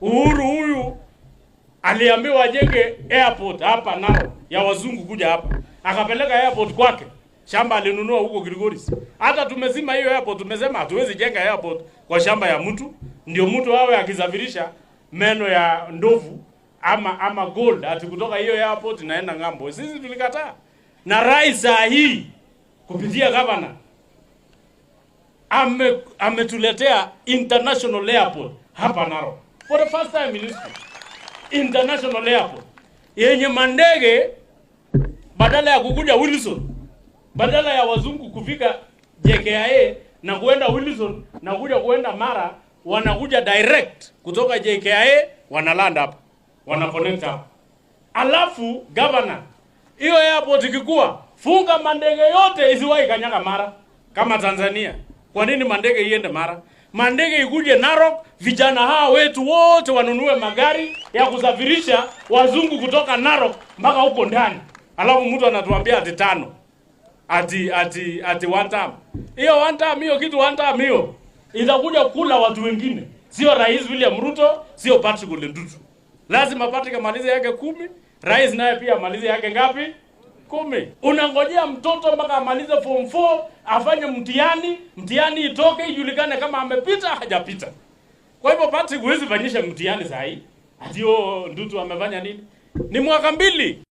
Uhuru huyu aliambiwa ajenge airport hapa nao ya wazungu kuja hapa, akapeleka airport kwake, shamba alinunua huko Kilgoris. Hata tumezima hiyo airport, tumesema hatuwezi jenga airport kwa shamba ya mtu, ndio mtu awe akisafirisha meno ya ndovu ama ama gold ati kutoka hiyo airport inaenda ng'ambo. Sisi tulikataa, na rais saa hii kupitia gavana ametuletea ame international airport hapa Narok for the first time in history international airport yenye mandege badala ya kukuja Wilson, badala ya wazungu kufika JKIA na kuenda Wilson na kuja kuenda Mara, wanakuja direct kutoka JKIA wanaland hapa, wanaconnect hapa, alafu governor, hiyo airport ikikuwa funga mandege yote isiwahi kanyaga Mara kama Tanzania. Kwa nini mandege iende Mara? mandege ikuje Narok, vijana hawa wetu wote wanunue magari ya kusafirisha wazungu kutoka Narok mpaka huko ndani, alafu mtu anatuambia ati tano ati ati ati one time. Hiyo one time hiyo kitu one time hiyo itakuja kula watu wengine, sio Rais William Ruto, sio Patrick Ole Lazima Patrick amalize yake kumi, rais naye pia amalize yake ngapi? kumi. Unangojea mtoto mpaka amalize form 4 afanye mtihani, mtihani itoke ijulikane kama amepita hajapita. Kwa hivyo Patrick, huwezi fanyisha mtihani saa hii ndio Ndutu amefanya nini? Ni mwaka mbili.